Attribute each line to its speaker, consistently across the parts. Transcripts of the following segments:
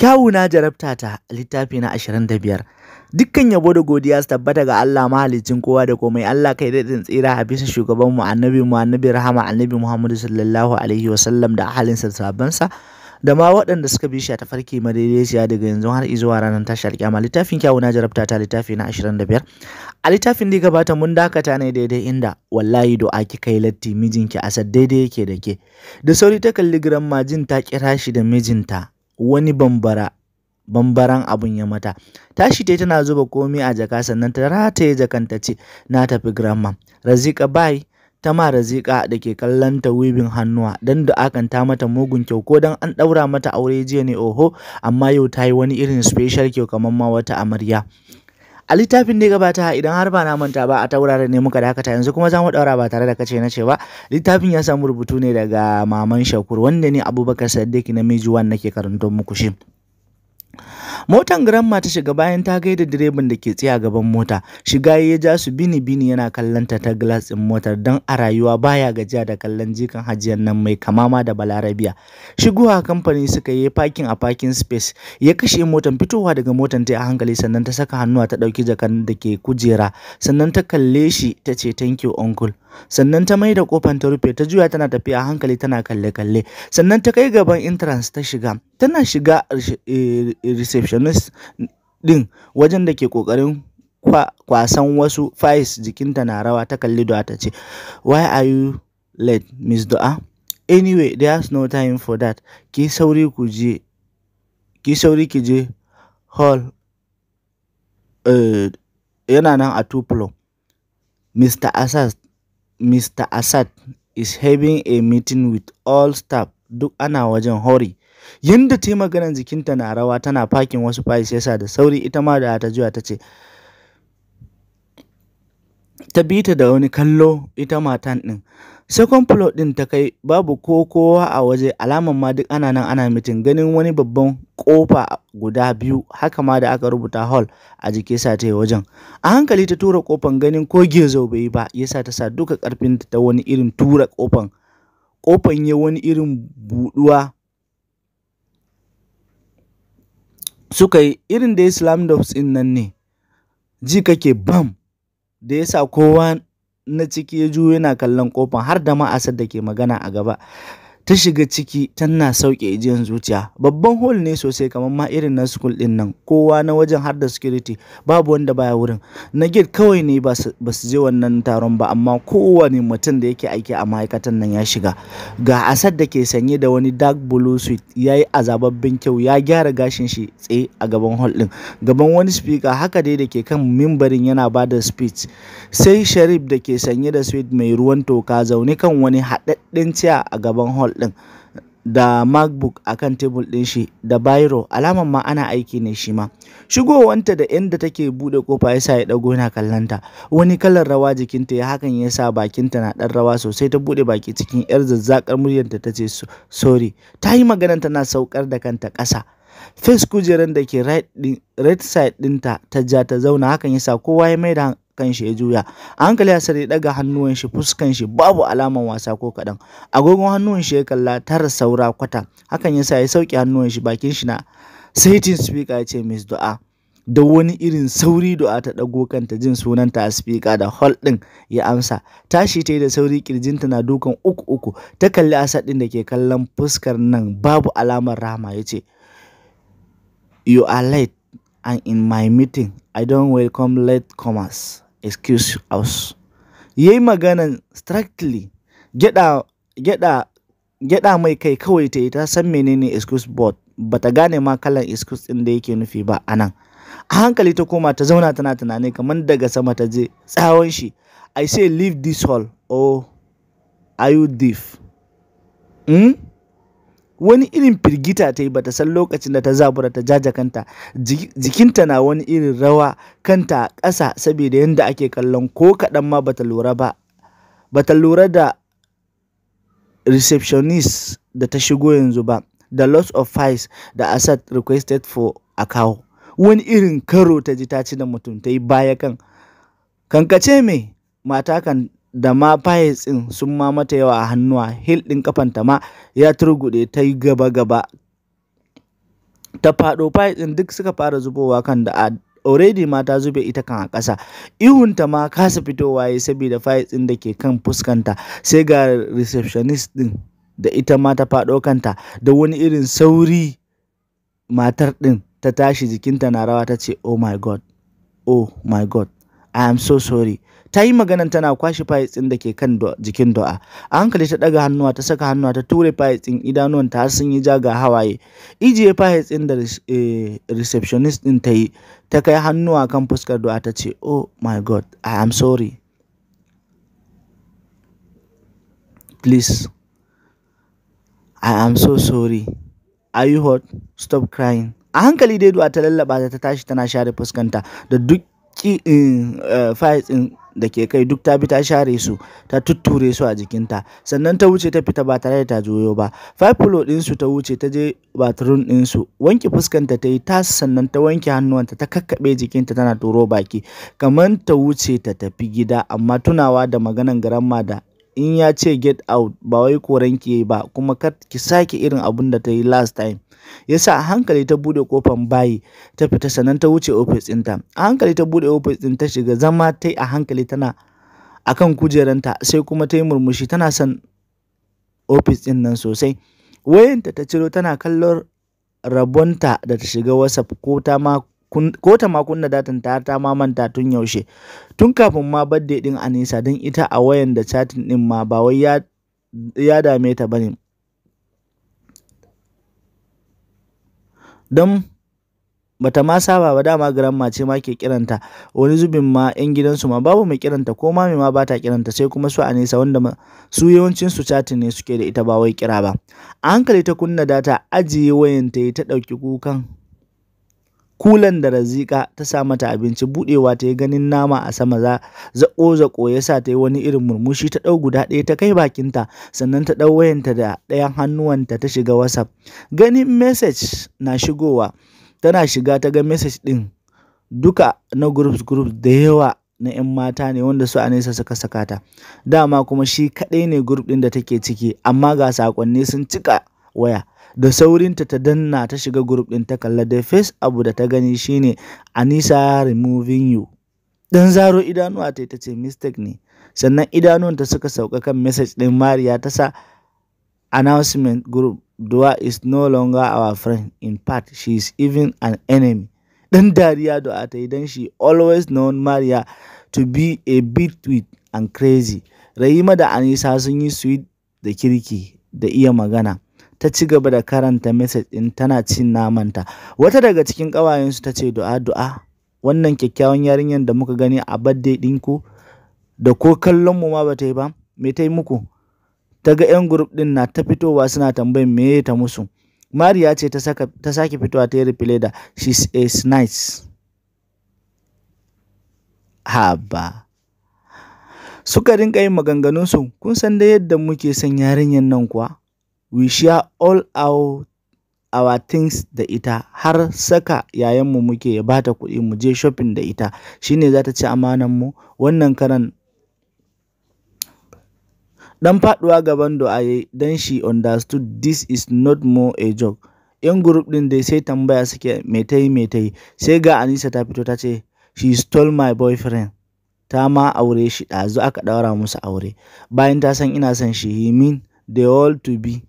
Speaker 1: kyawuna jarabta ta littafi na 25 dukkan yabo da godiya su tabbata ga Allah mahalicin kowa da komai Allah kai daɗin tsira a bisa shugaban mu annabi mu annabi rahama annabi Muhammadu sallallahu alaihi wasallam da ahalin sabansa da ma waɗanda suka bi shi a tafarki madaidaiciya daga yanzu har izuwa ranar tashar kyama littafin kyawuna jarabta ta littafi na 25 a littafin da gabata mun dakata ne daidai inda wallahi do'a ki kai latti mijinki asad daidai yake da ke da sauri ta kalli giran majin ta kira shi da mijinta wani bambara bambaran abun ya mata tashi tai tana zuba komai a jaka sannan ta rataye jakan ta ce na tafi grandma razika bai ta ma razika da ke kallon ta wibin hannuwa don da akan ta mata mugun kyau ko don an ɗaura mata aure jiya ne oho amma yau ta yi wani irin special kyau kamar ma wata amarya a littafin ne gabata idan har ba na manta ba a ta wurare ne muka dakata yanzu kuma za mu daura ba tare da kace na ce ba littafin ya samu rubutu ne daga maman shakur wanda ne abubakar saddiq na mijuwan nake karanto muku shi motan grandma ta shiga bayan ta gaida direban da ke tsaye a gaban mota shiga ya ja su bini bini yana kallon ta ta glass din motar don a rayuwa baya gajiya da kallon jikan hajiyar nan mai kamama da balarabiya shigowa kamfani suka yi parking a parking space ya kashe motan fitowa daga motan ta a hankali sannan ta saka hannuwa ta ɗauki jakan da ke kujera sannan ta kalle shi ta ce thank you uncle sannan ta mai da kofan ta rufe ta juya tana tafiya a hankali tana kalle kalle sannan ta kai gaban entrance ta shiga tana shiga eh, receptionist ɗin wajen da ke kokarin kwasan wasu fais jikinta na rawa ta kalli Dua ta ce, “Why are you late, Miss do'a “Anyway, there's no time for that. Ki sauri ku je, ki sauri ki je hall eh, yana nan a tuplo Mr. Assad, Mr. Assad is having a meeting with all staff duk ana wajen hori. yanda ta yi maganan jikinta na rawa tana fakin wasu fayis yasa da sauri ita ma da ta juya ta ce ta bi ta da wani kallo ita matan ɗin second floor ɗin ta kai babu ko kowa a waje alaman ma duk ana nan ana mitin ganin wani babban kofa guda biyu haka ma da aka rubuta hall a jiki sa ta yi wajen a hankali ta tura kofan ganin ko gezo bai yi ba yasa ta sa duka karfin ta wani irin tura kofan kofan ya wani irin buduwa suka yi irin da ya slam dogs in nan ne ji kake bam da ya sa kowa na ciki ya juyo yana kallon kofan har da ma'asar da ke magana a gaba ta shiga ciki tana sauke jiyan zuciya babban hol ne sosai kamar ma irin na school din nan kowa na wajen har da security babu wanda baya wurin na gid kawai ne ba su je wannan taron ba amma kowane mutum da yake aiki a ma'aikatan nan ya shiga ga asad da ke sanye da wani dark blue suit ya yi azababbin kyau ya gyara gashin shi tsaye a gaban hol din gaban wani speaker haka dai da ke kan mimbarin yana ba da speech sai sharif da ke sanye da suit mai ruwan toka zaune kan wani haɗaɗɗen ciya a gaban hol ɗin da macbook a kan tebul ɗin shi da biro alaman ma ana aiki ne shi ma shigowanta da inda take buɗe kofa ya sa ya dago yana kallanta wani kalar rawa jikinta ya hakan ya sa bakinta na ɗan rawa sosai ta buɗe baki cikin yar zazzakar muryarta ta ce sorry ta yi maganar tana saukar da kanta kasa face kujerar da ke right side ɗinta ta ja ta zauna hakan ya sa kowa ya mai da kan shi ya juya a hankali Hassan ya daga hannuwan shi fuskan shi babu alaman wasa ko kaɗan agogon hannuwan shi ya kalla tara saura kwata hakan yasa ya sauke hannuwan shi bakin shi na saitin speaker ya ce miss du'a da wani irin sauri du'a ta dago kanta jin sunanta a speaker da hall ɗin ya amsa tashi ta yi da sauri kirjinta na dukan uku uku ta kalli asad ɗin da ke kallon fuskar nan babu alamar rama ya ce you are late and in my meeting i don't welcome late comers excuse us. yi maganan strictly, gyaɗa mai kai kawai ta yi ta san menene excuse board, ba ta gane ma kalan excuse ɗin da yake nufi ba a nan. A hankali ta koma ta zauna tana tunani kamar daga sama ta je tsawon shi. I say leave this hall, oh, are you deaf? Hmm? wani irin firgita ta yi bata san lokacin da ta zabura ta jaja kanta jikinta na wani irin rawa kanta a ƙasa saboda yadda ake kallon ko kaɗan ma bata lura ba bata lura da receptionist da ta shigo yanzu ba the loss of files da asad requested for a kawo wani irin karo ta ji ta ci da mutum ta yi baya kan kankace me mata kan da ma fayis ɗin sun ma mata yawa a hannuwa, hil ɗin kafanta ma ya turgude ta yi gaba-gaba. Ta faɗo fayis ɗin duk suka fara zubowa kan da a already ma ta zube ita kan a ƙasa ihunta ma kasa fitowa ya saboda fayil ɗin da ke kan fuskanta sai ga receptionist ɗin da ita ma ta faɗo kanta da wani irin sauri matar ɗin ta tashi jikinta na rawa ta ce oh my god oh my god I am so sorry. Ta yi maganan tana kwashe fayis ɗin da ke kan jikin do'a. A hankali ta ɗaga hannuwa ta saka hannuwa ta ture fayis ɗin idanuwan ta har sun yi ja ga hawaye. Ijiye fayis ɗin da eh, receptionist ɗin ta yi ta kai hannuwa kan fuskar do'a ta ce, Oh my God, I am sorry. Please, I am so sorry. Are you hot? Stop crying. A hankali dai do'a ta lallaba ta tashi tana share fuskanta da duk Eh, eh, fayis ɗin da ke kai duk ta bi ta share su ta tutture su a jikinta sannan ta wuce ta fita ba tare da ta juyo ba fafilo su ta wuce ta je bathroom ɗinsu wanke fuskanta ta yi ta sannan ta wanke hannuwanta ta kakkaɓe jikinta tana turo baki kamar ta wuce ta tafi gida amma tunawa da maganan garamma da in ya ce get out ba wai koranki yayi ba kuma kar ki sake irin abun da ta yi last time. Ya sa a hankali ta buɗe kofan bayi ta fita sannan ta wuce ofis ɗinta. A hankali ta buɗe ofis ɗin ta shiga zama ta yi a hankali tana akan kujeranta sai kuma ta yi murmushi tana son ofis ɗin nan sosai. Wayanta ta ciro tana kallon rabonta da ta shiga WhatsApp ko ta ma ko ta ma kunna datan ta ta ma manta tun yaushe tun kafin ma birthday din Anisa don ita a wayan da chatting din ma ba wai ya ya dame ta bane don bata ma saba ba dama grandma ce ma ke kiranta wani zubin ma yan gidansu ma babu mai kiranta ko mami ma bata kiranta sai kuma su a nesa wanda su yawancin su chatin ne suke da ita ba wai kira ba a hankali ta kunna data ajiye wayan ta ta ɗauki kukan Kulan da Razika ta sa mata abinci buɗewa ta yi ganin nama a sama za zaƙo-zaƙo ya sa ta yi wani irin murmushi ta ɗau guda ɗaya ta kai bakinta sannan ta ɗau wayanta da ɗayan hannuwanta ta shiga WhatsApp. Ganin message na shigowa tana shiga ta ga message ɗin duka na groups groups da yawa na 'yan mata ne wanda su Anesa suka saka ta dama kuma shi kaɗai ne group ɗin da take ciki amma ga sakonni sun cika waya da saurinta ta danna ta shiga group ɗin ta kalla da face abu da ta gani shine anisa removing you dan zaro idanuwa ta ta ce mistake ne sannan idanuwanta suka sauka kan message ɗin mariya ta sa announcement group Dua is no longer our friend. In part she is even an enemy. Dan dariya da ta yi dan shi always known Mariya to be a bit sweet and crazy. Rahima da Anisa sun yi sweet da kirki da iya magana. ta ci gaba da karanta message ɗin tana cin namanta wata daga cikin ƙawayensu ta ce du'a du'a wannan kyakkyawan yarinyar da muka gani a birthday ɗinku da ko kallon mu ma bata yi ba me ta yi muku ta ga 'yan group ɗin na ta fitowa suna tambayin me ta musu mariya ce ta sake fitowa ta yi replay da she's a nice haba suka rinka yin maganganunsu kun san da yadda muke son yarinyar nan kuwa We share all our things da ita, har saka yayanmu muke ya bata kuɗi mu je shopping da ita, shine ne za ta ci mu. Wannan karan dan faɗuwa gaban do, ya dan don she understood this is not more a joke. ‘Yan group ɗin dai sai tambaya suke me metai me sai ga Anisa ta fito ta ce, she stole my boyfriend. Ta ma aure shi ɗazu aka ɗaura musu aure, bayan ta san ina son shi, he mean they all to be.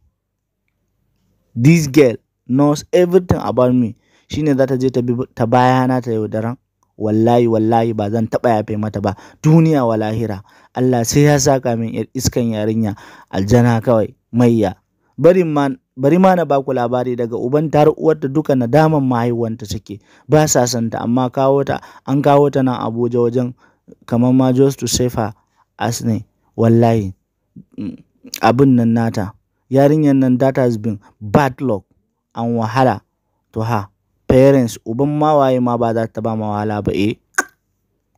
Speaker 1: this girl knows everything about me shine za ta je ta bayana ta yaudaran wallahi wallahi ba zan taɓa yafe mata ba duniya wa lahira Allah sai ya saka min yar iskan yarinya aljana kawai mayya bari ma bari ma na baku labari daga uban tar uwarta duka nadaman mahaiwanta take ba sa san ta, amma kawo ta an kawo ta nan Abuja wajen kamar ma just to safer as ne wallahi mm, abin nan nata Yarinyar nan that has been bad luck an wahala to ha parents uban ma waye ma ba za ta ba ma wahala ba e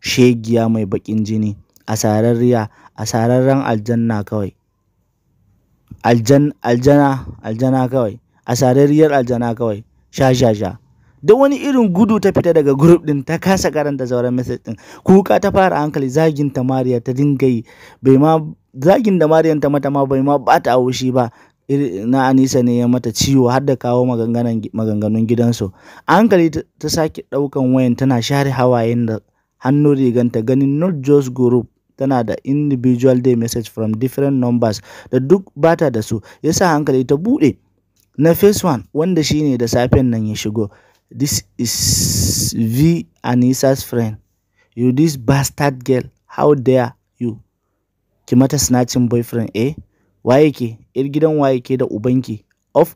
Speaker 1: Shegiya mai bakin jini, asararriya, asararren aljanna kawai. Aljan, aljana, aljana kawai, asararriyar aljana kawai, sha sha sha. da wani irin gudu ta fita daga group din ta kasa karanta zauren message din kuka ta fara hankali zagin ta Maria ta dinga yi bai ma zagin da maria ta mata ma bai ma ba ta haushi ba na anisa ne ya mata ciwo har da kawo maganganun gidansu hankali ta sake daukan wayan tana share hawayen da hannun riganta ganin not just group tana da individual day message from different numbers da duk bata da su yasa hankali ta bude na phase 1 wanda shine da safen nan ya shigo This is V. Anissa's friend. You this bastard girl, how dare you? Ki mata snatching boyfriend, eh? Waye ke, ‘yar gidan waye ke da ubanki, of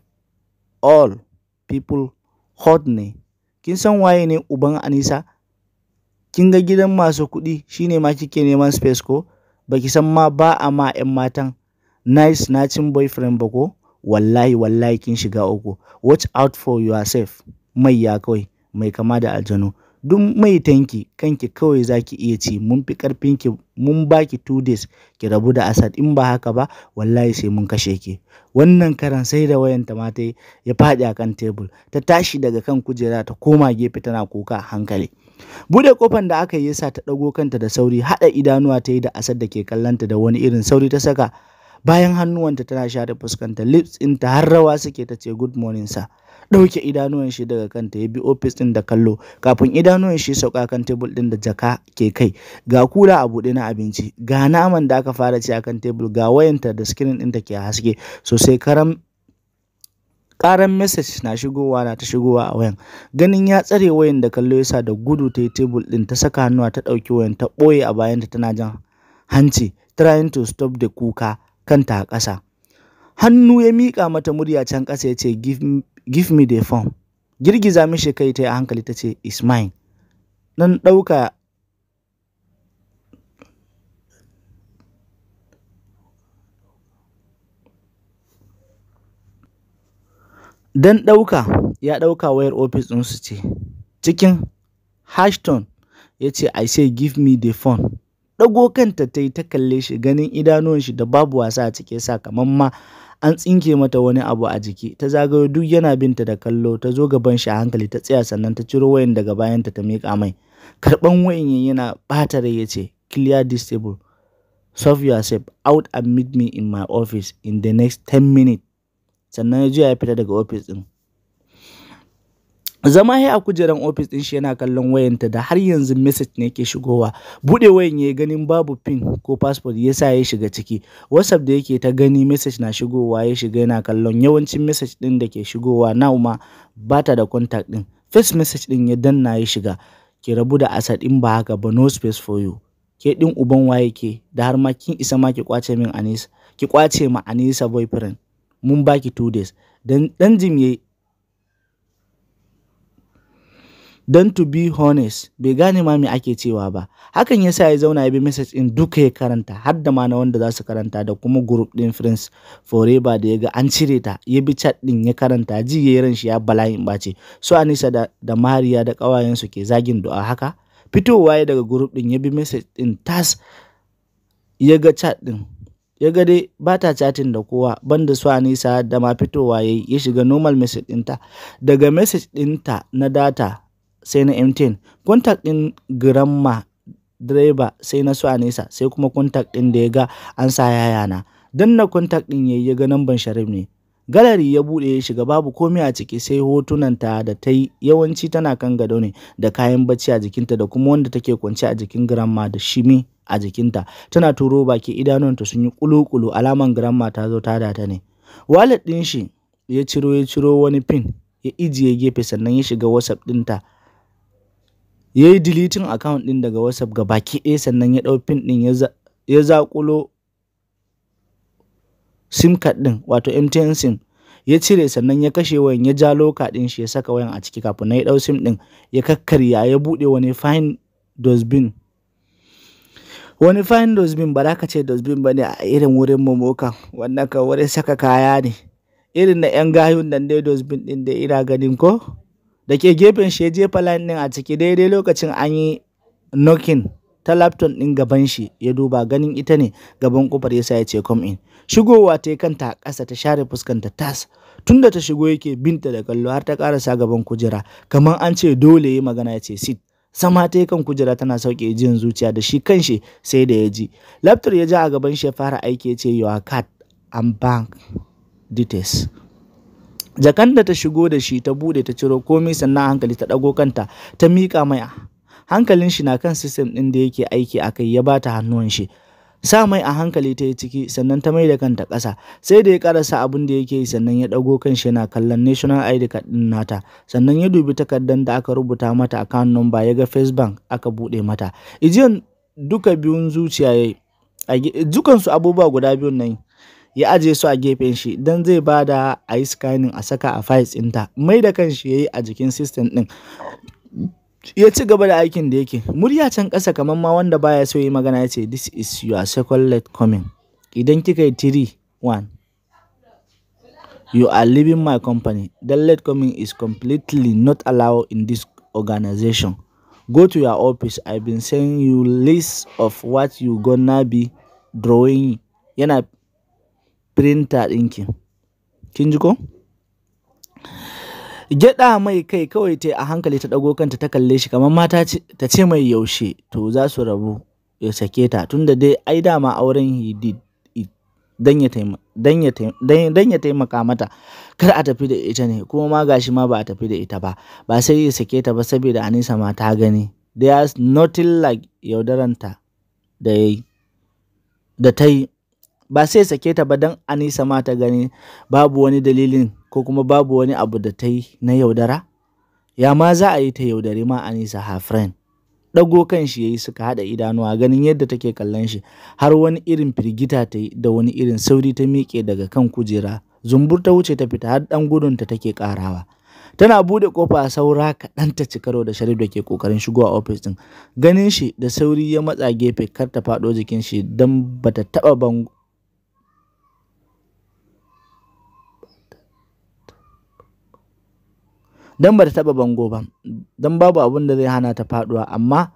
Speaker 1: all people hot ne. Kin san waye ne uban Anisa? Kin ga gidan masu kuɗi shine ma kike neman space ko? Baki san ma ba a ma ‘yan matan nice snatching boyfriend ba ko? Wallahi wallahi kin shiga uku. Watch out for yourself. Mai ya kawai mai kama da aljanu duk mai tanki kanki kawai zaki iya ci mun fi karfin ki mun baki two days ki rabu da Asad in ba haka ba wallahi sai mun kashe ki wannan karan sai da wayan ta mata ya faɗi kan tebul ta tashi daga kan kujera ta koma gefe tana kuka hankali bude kofan da aka yi sa ta dago kanta da sauri hada idanuwa ta yi da Asad da ke kallanta da wani irin sauri ta saka bayan hannuwanta tana share fuskanta lips ɗinta har rawa suke ta ce good morning sir ɗauke idanuwan shi daga kanta ya bi ofis ɗin da kallo kafin idanuwan shi sauka kan tebul ɗin da jaka ke kai ga kula a buɗe na abinci ga naman da aka fara ci kan tebul ga wayanta da screen ɗinta ke haske sosai karam karan message na shigowa na ta shigowa a wayan ganin ya tsare wayan da kallo yasa da gudu ta yi tebul ɗin ta saka hannuwa ta ɗauki wayan ta ɓoye a bayanta tana jan hanci trying to stop the kuka kanta a ƙasa hannu ya miƙa mata murya can ƙasa ya ce give give me the phone girgiza mishi kai ta hankali ta ce is mine nan ɗauka dan ɗauka ya ɗauka wayar ofis su ce cikin hashton ya ce i say give me the phone ɗago kanta ta yi ta kalle shi ganin idanuwan shi da babu wasa a cike sa kamar ma an tsinke mata wani abu a jiki ta zagayo duk yana binta da kallo ta zo gaban shi a hankali ta tsaya sannan ta ciro wayan daga bayanta ta miƙa mai karɓan wayan yana ɓata rai yace ce clear this table solve yourself out and meet me in my office in the next 10 minutes sannan ya je ya fita daga ofis din zama ya a kujeran ofis din shi yana kallon wayanta da har yanzu message ne yake shigowa bude wayan ya ganin babu pin ko passport yasa ya shiga ciki whatsapp da yake ta gani message na shigowa ya shiga yana kallon yawancin message din da ke shigowa now ma bata da contact din first message din ya danna ya shiga ki rabu da asad in ba haka ba no space for you ke din uban waye ke da har ma kin isa ma ki kwace min anisa ki kwace ma anisa boyfriend mun baki two days dan dan jim yayi don to be honest bai gane ma me ake cewa ba hakan yasa ya zauna ya bi message din duka ya karanta har da ma na wanda za su karanta da kuma group din friends forever da ya ga an cire ta ya bi chat din ya karanta ji ya ran shi ya bala'in bace su Anisa da, da Mariya da kawayen su ke zagin du'a haka fitowa ya daga group din ya bi message din tas ya ga chat din ya ga dai ba ta chatting da kowa banda su Anisa da ma fitowa yayi ya shiga normal message din ta daga message din ta na data sai na mtn contact ɗin gramma direba sai na su a nesa sai kuma contact ɗin da ya ga an sa yaya na. don na contact ɗin yayi ya ga namban sharif ne galari ya buɗe ya shiga babu komai a ciki sai hotunanta da ta yi yawanci tana kan gado ne da kayan bacci a jikinta da kuma wanda take kwance a jikin grandma da shimi a jikinta tana turo baki idanunta sun yi kulukulu alaman grandma ta zo ta ta ne wallet ɗin shi ya ciro ya ciro wani pin ya ijiye gefe sannan ya shiga whatsapp ɗinta Ya yi deleting account din daga WhatsApp baki ɗaya sannan ya ɗau PIN ɗin ya zaƙulo SIM card ɗin wato MTN SIM ya cire sannan ya kashe wayan ya ja loka ɗin shi ya saka wayan a ciki kafin ya ɗau SIM ɗin ya kakkarya ya buɗe wani fine dosbin. Wani fine dosbin ba za ka ce dosbin ba ne a irin wurin momoka wannan ka wurin saka kaya ne. irin na 'yan gayun nan dai dosbin ɗin da ina ganin ko da ke gefen shi ya jefa layin a ciki daidai lokacin an yi knocking ta laptop din gaban shi ya duba ganin ita ne gaban kofar yasa ya ce come in shigowa ta kanta kasa ta share fuskan ta tas tunda ta shigo yake binta da kallo har ta karasa gaban kujera kamar an ce dole yi magana ya ce sit sama ta kan kujera tana sauke jin zuciya da shi kanshi sai da ya ji laptop ya ja a gaban shi ya fara aiki ya ce your card and bank details jakan da ta shigo da shi ta bude ta ciro komai sannan hankali ta dago kanta ta miƙa mai hankalin shi na kan sistem ɗin da yake aiki a kai ya ba ta hannuwan shi sa mai a hankali ta yi ciki sannan ta mai da kanta ƙasa sai da ya karasa abin da yake yi sannan ya dago kan shi yana kallon national id card ɗin nata sannan ya dubi takardar da aka rubuta mata account number ya ga first bank aka buɗe mata ijiyan duka biyun zuciya ya yi dukansu abubuwa guda biyun nan ya ajiye su a gefen shi don zai ba da a yi scanning a saka a files ɗinta mai da kanshi ya yi a jikin system ɗin ya ci gaba da aikin da yake murya can ƙasa kamar ma wanda baya so yi magana ya ce this is your second late coming idan kika yi three one you are leaving my company that late coming is completely not allowed in this organization go to your office i been send you list of what you gonna be drawing yana printer ɗinki kin ji ko gyaɗa mai kai kawai ta a hankali ta ɗago kanta ta kalle shi kamar mata ta ce mai yaushe to za su rabu ya sake ta tunda dai ai dama auren hidi dan ya taimaka mata kar a tafi da ita ne kuma ma gashi ma ba a tafi da ita ba ba sai ya sake ta ba saboda anisa ma ta gani there's nothing like yaudaranta da ta yi ba sai sake ta ba don Anisa ma ta gani babu wani dalilin ko kuma babu wani abu da ta yi na yaudara? Ya ma za a yi ta yaudare ma Anisa her friend. Ɗago kan shi ya yi suka haɗa idanuwa ganin yadda take kallon shi har wani irin firgita ta yi da wani irin sauri ta miƙe daga kan kujera zumbur ta wuce ta fita har ɗan ta take ƙarawa. tana bude kofa saura kaɗan ta ci karo da sharif da ke ƙoƙarin shigowa ofis ɗin ganin shi da sauri ya matsa gefe kar ta faɗo jikin shi don bata taɓa don ba ta taɓa bango ba don babu abun da zai hana ta faɗuwa amma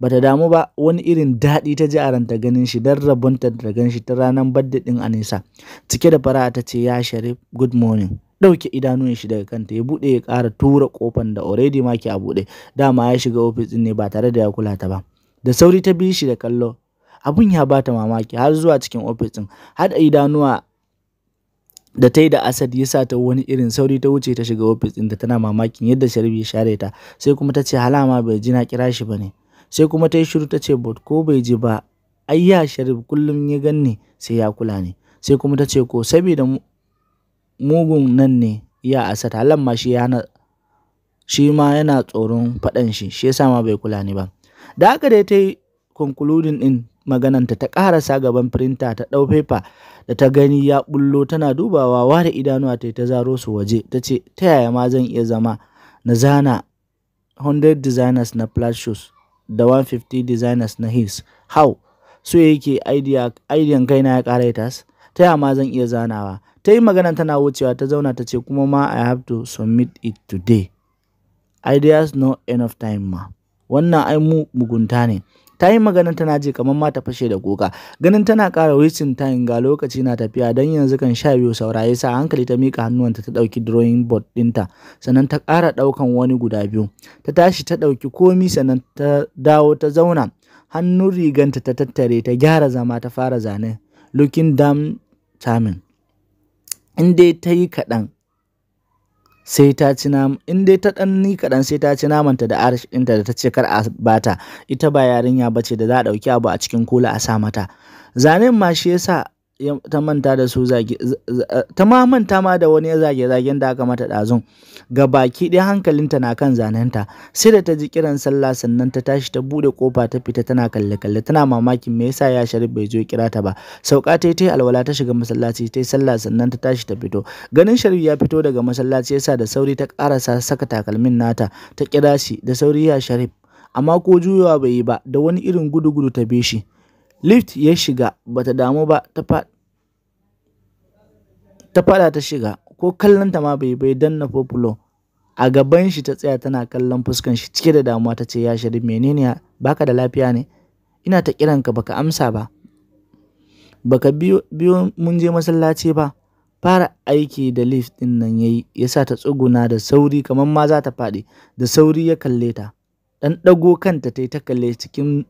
Speaker 1: ba ta damu ba wani irin daɗi ta ji a ranta ganin shi don rabonta da gan shi ta ranar badda a Anisa cike da fara ta ce ya sharif good morning ɗauke idanun shi daga kanta ya buɗe ya ƙara tura ƙofan da already ma ke a buɗe dama ya shiga ofis ɗin ne ba tare da ya kula ta ba da sauri ta bi shi da kallo abun ya bata mamaki har zuwa cikin ofis ɗin haɗa idanuwa da ta yi da Asad ya sa ta wani irin sauri ta wuce ta shiga ofis da tana mamakin yadda Sharif ya share ta sai kuma ta ce halama bai ji na kira shi bane sai kuma ta yi shiru ta ce bot ko bai ji ba ai ya Sharif kullum ya ganni sai ya kula ne sai kuma ta ce ko saboda mugun nan ne ya Asad halan ma shi yana shi ma yana tsoron faɗan shi shi yasa ma bai kula ne ba da haka da ta yi concluding din magananta ta ƙarasa gaban firinta ta ɗau fefa da ta gani ya bullo tana dubawa ware idanuwa ta ta zaro su waje ta ce ta yaya ma zan iya zama na zana 100 designers na flat shoes da 150 designers na heels how so yake kai kaina ya ƙara tas ta yaya ma zan iya zanawa ta yi magana tana wucewa ta zauna ta ce kuma ma i have to submit it today ideas no enough time ma wannan ai mu mugunta ne ta yi magana tana ji kamar ma ta fashe da kuka ganin tana ƙara wasting time ga lokaci na tafiya don yanzu kan sha biyu sauraye sa hankali ta miƙa hannuwanta ta ɗauki drawing board ɗinta sannan ta ƙara ɗaukan wani guda biyu ta tashi ta ɗauki komi sannan ta dawo ta zauna hannun riganta ta tattare ta gyara zama ta fara zane looking damn charming in dai ta yi kaɗan sai ta ci in dai ta dan ni kadan sai ta ci namanta da arish ɗinta da ta ce kar a bata ita ba yarinya bace da za a ɗauki abu a cikin kula a sa mata zanen ma shi yasa ta manta eh, ma manta ma da wani ya zage zagen da aka mata ɗazun ga baki ɗaya hankalinta na kan zanenta sai da ta ji kiran sallah sannan ta tashi ta bude kofa ta fita tana kalle kalle tana mamakin me yasa ya sharif bai zo kira ta ba sauka ta yi alwala ta shiga masallaci ta yi sallah sannan ta tashi ta fito ganin sharif ya fito daga masallaci yasa da sauri ta karasa saka takalmin nata ta kira shi da sauri ya sharif amma ko juyawa bai yi ba da wani irin gudu gudu ta bi shi Lift ya shiga ba ta damu ba ta faɗa ta shiga, ko kallonta ma bai bai danna folklore a gaban shi ta tsaya tana kallon fuskan shi cike da damuwa ta ce ya Sharif menene baka da lafiya ne ina ta kiran kiranka baka amsa ba baka biyo, biyo mun je masallaci ba fara aiki da lift din nan yayi yasa ta tsuguna da sauri kamar ma za ta faɗi da sauri ya kalle ta dan dago kanta tai ta kalle cikin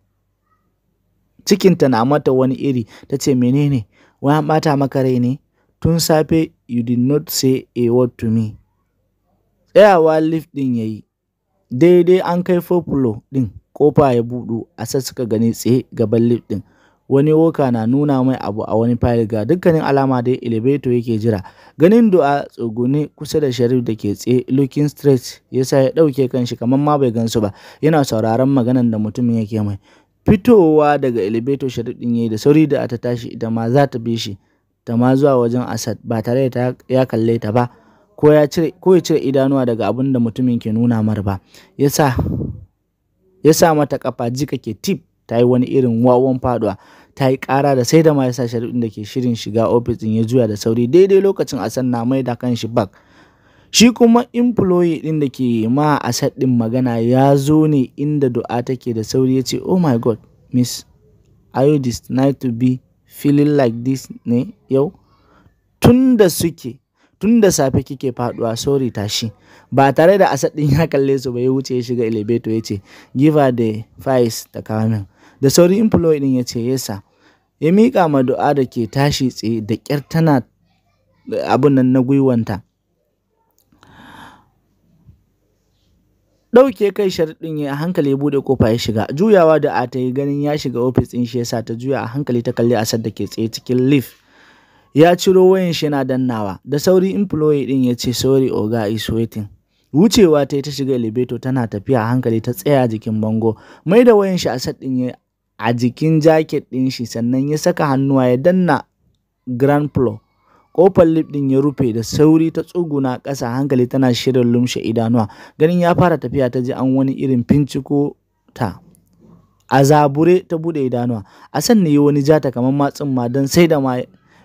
Speaker 1: cikinta na mata wani iri ta ce menene wai maka rai ne tun safe you did not say a word to me tsayawa lift ɗin ya yi daidai an kai fofulo ɗin kofa ya buɗu a sa suka gani tsaye gaban lift ɗin wani woka na nuna mai abu a wani fayil ga dukkanin alama da elevato yake jira ganin du'a tsoguni kusa da sharif da ke tsaye looking straight sa ya ɗauke kanshi kamar ma bai gansu ba yana sauraron maganan da mutumin yake mai Fitowa daga Elevator, shariɗin ya yi da sauri da ta tashi ita ma za ta bi shi, ta ma zuwa wajen Asad ba tare da ya kalle ta ba ko ya cire idanuwa daga abin da mutumin ke nuna mar ba, ya sa mata kafa jika ke tif ta yi wani irin wawon faduwa ta yi ƙara da sai da ma yasa sa da ke shirin shiga ofis ɗin ya juya da sauri daidai lokacin Asad na mai da kan shi bak. Shi kuma employee ɗin da ke ma set ɗin magana ya zo ne inda Doa take da sauri ya ce “Oh my God, Miss, are you night to be feeling like this ne yau? Tun da safe kike faduwa sorry tashi.” Ba tare da Asad ɗin ya kalle su ba ya wuce ya shiga elevator ya ce “Give her the files ta kawo min.” Da sauri employee ɗin ya ce “Yes sir.” Ya miƙa ma du'a da ke tashi tsaye da ƙyar tana abun nan na gwiwanta. ɗauke kai sharɗin ya hankali ya buɗe kofa ya shiga juyawa da a ganin ya shiga ofis ɗin shi yasa ta juya a hankali ta kalli a da ke tsaye cikin lif ya ciro wayan shi yana dannawa da sauri employee ɗin ya ce sorry oga is waiting wucewa ta yi ta shiga elevator tana tafiya a hankali ta tsaya jikin bango mai da wayan shi a ɗin ya a jikin jaket ɗin shi sannan ya saka hannuwa ya danna grand floor kofar lip ɗin ya rufe da sauri ta tsuguna ƙasa hankali tana shirin lumshe idanuwa. Ganin ya fara tafiya ta ji an wani irin finciko ta. A zabure ta bude idanuwa. A san ne wani jata kamar matsin ma don sai da ma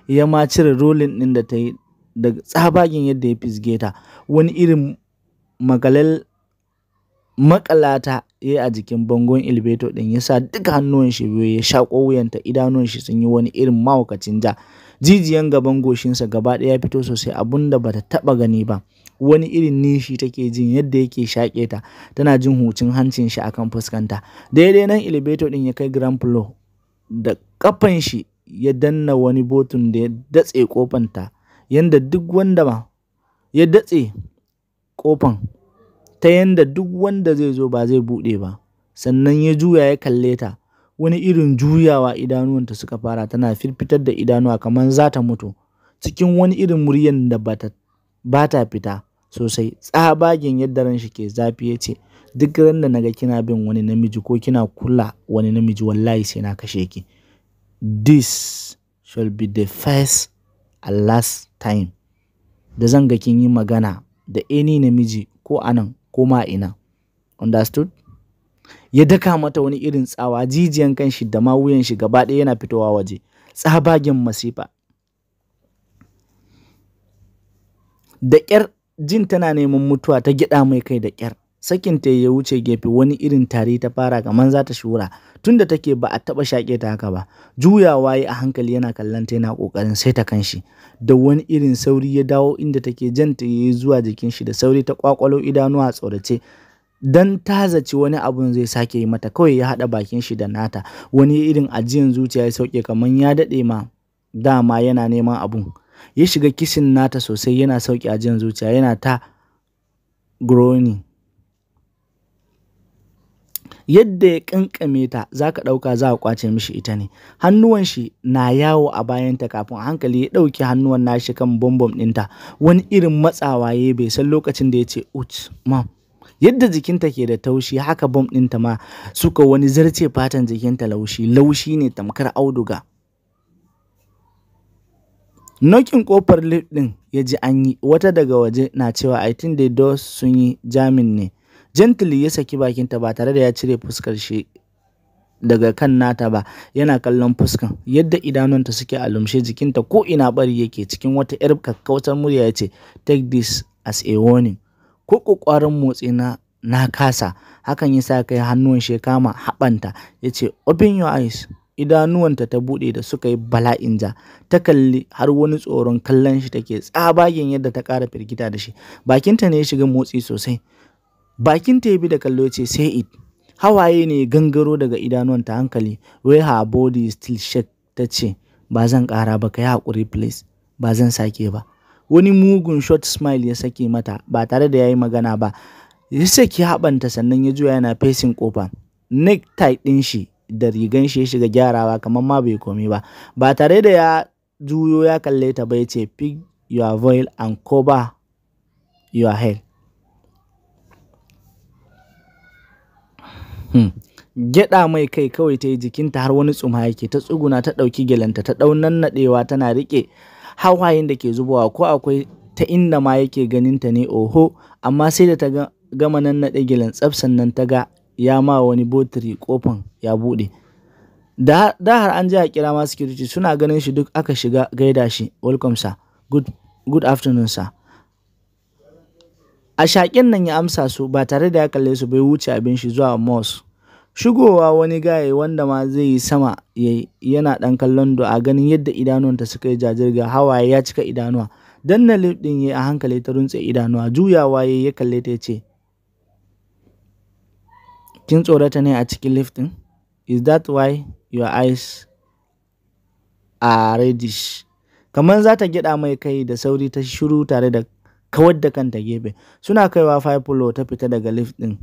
Speaker 1: ya ma cire rolin ɗin da ta yi da tsabagen yadda ya fisge ta. Wani irin makalal makalata ya yi a jikin bangon ilbeto ɗin ya sa duka hannuwan shi biyu ya shaƙo wuyanta idanuwan shi sun yi wani irin mahaukacin ja jijiyan gaban goshinsa gaba ɗaya ya fito sosai abun da bata taɓa gani ba wani irin nishi take jin yadda yake shaƙe ta tana jin hucin hancin shi akan fuskanta daidai nan elevator din ya kai grand floor da kafan shi ya danna wani botun da ya datse ta yanda duk wanda ma ya datse kofan ta yanda duk wanda zai zo ba zai buɗe ba sannan ya juya ya kalle ta wani irin juyawa idanuwanta suka fara tana firfitar da idanuwa kamar za ta mutu cikin wani irin muryan da ba ta fita sosai tsabagen yadda ran shi ke zafi ya ce duk ran da naga kina bin wani namiji ko kina kula wani namiji wallahi sai na kashe ki this shall be the first and last time da zan ga kin yi magana da any namiji ko anan ko ma ina understood ya daka mata wani irin tsawa jijiyan kanshi da ma wuyan shi gaba ɗaya yana fitowa waje tsabagen masifa da kyar. jin tana neman mutuwa ta gida mai kai da ƙyar ta ya wuce gefe wani irin tari ta fara kamar za ta shura tunda take ba a taba shaƙe ta haka ba juyawa ya a hankali yana kallon ta yana ƙoƙarin sai ta kan shi da wani irin sauri ya dawo inda take jan ta yi zuwa jikin shi da sauri ta kwakwalo idanuwa a tsorace dan ta zaci wani abun zai sake yi mata kawai ya haɗa bakin shi da nata wani irin ajiyan zuciya ya sauke kamar ya daɗe ma dama yana neman abun ya shiga kishin nata sosai yana sauke ajiyan zuciya yana ta groni yadda ya kankame ta za ka ɗauka za a kwace mishi ita ne hannuwan shi na yawo a bayanta kafin hankali ya ɗauki hannuwan nashi kan bombom ɗinta wani irin matsawa ya bai san lokacin da ya ce uch mam yadda jikinta ke da taushi haka bom ɗinta ma suka wani zarce fatan jikinta laushi laushi ne tamkar auduga nokin kofar lip ɗin ya ji an yi wata daga waje na cewa i think they do sun yi jamin ne gently ya saki bakinta ba tare da ya cire fuskar shi daga kan nata ba yana kallon fuskan yadda idanunta suke a jikinta ko ina bari yake cikin wata 'yar kakkautar murya yace, ce take this as a warning ko ƙwaƙwaran motsi na na kasa hakan yasa kai hannuwan shi ya kama haɓanta yace ce open your eyes idanuwanta ta buɗe da suka yi bala'in ja ta kalli har wani tsoron kallon shi take tsabagen yadda ta ƙara firgita da shi bakinta ne ya shiga motsi sosai bakinta ya bi da kallo ya ce say it hawaye ne gangaro daga idanuwanta hankali where her body still shake ta ce ba zan ƙara ba ka yi haƙuri please ba zan sake ba Wani mugun short smile ya sake mata ba tare da ya yi magana ba. Ya sake haɓanta sannan ya juya yana fesin ƙofa. tight ɗin shi da rigan shi ya shiga gyarawa kamar ma bai komi ba. Ba tare da ya juyo ya kalle ta ba ya ce pick your veil and cover your head. Hmm. Gyaɗa mai kai kawai ta yi jikinta har wani tsuma yake ta tsuguna ta ɗauki gelanta ta ɗau naɗewa tana riƙe hawayen da ke zubowa ko akwai ta inda ma yake ganinta ne oho amma sai da ta gama nan na ɗagilan tsaf sannan ta ga ya ma wani botiri kofan ya buɗe da har an ji a kira ma security suna ganin shi duk aka shiga gaida shi welcome sir good, good afternoon sir a shaƙin nan ya amsa su ba tare da ya kalle su bai wuce abin shi zuwa mosque Shigowa wani gaye wanda ma zai yi sama yana ɗan kallon a ganin yadda idanuwanta suka yi jajirga, hawaye ya cika idanuwa, dan na ɗin ya a hankali ta runtse idanuwa, juyawa ya yi ya kalle ta ce, “Kin tsorata ne a cikin lifɗin? Is that why your eyes are reddish?” Kamar za ta gyaɗa mai kai da sauri ta shiru tare da kawar da kanta gefe. Suna kaiwa 5 ta fita daga lifɗin,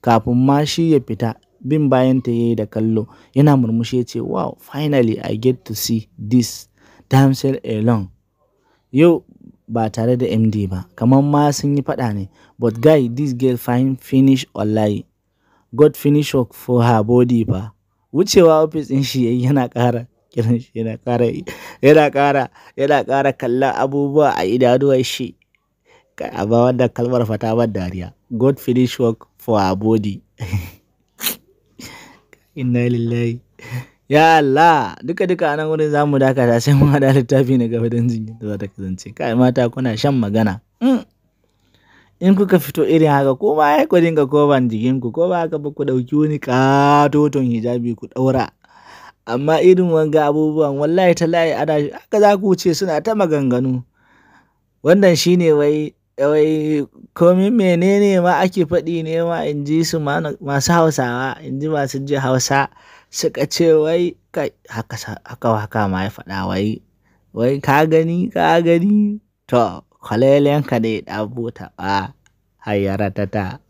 Speaker 1: kafin ma shi ya fita bin bayanta ya yi da kallo yana murmushi ce wow finally i get to see this damsel alone yau ba tare da md ba kamar ma sun yi faɗa ne but guy this girl fine finish online god finish work for her body ba. wucewa ofis ɗin shi yana ƙara kiran shi yana kara yana kara yana kara kallon abubuwa a idanuwar shi ba wannan kalmar fata ban dariya god finish work for her body inna lillahi ya Allah duka duka anan wurin mu dakata sai mun hada littafi na gaba don jin yadda za ta kasance kai mata kuna shan magana hmm. in kuka fito irin haka ko ba ya ku dinga jikin ku ko ba haka ba ku dauki wani katoton hijabi ku daura amma irin wanga abubuwan wallahi talahi ada haka za ku ce suna ta maganganu wannan shine wai wai komi menene ma ake faɗi ne ma in ji su masu hausawa in ji masu ji hausa suka ce wai haka haka ma ya faɗa wai wai ka gani ka gani to kwalelenka ka ne ɗan bota ba hayyara ta ta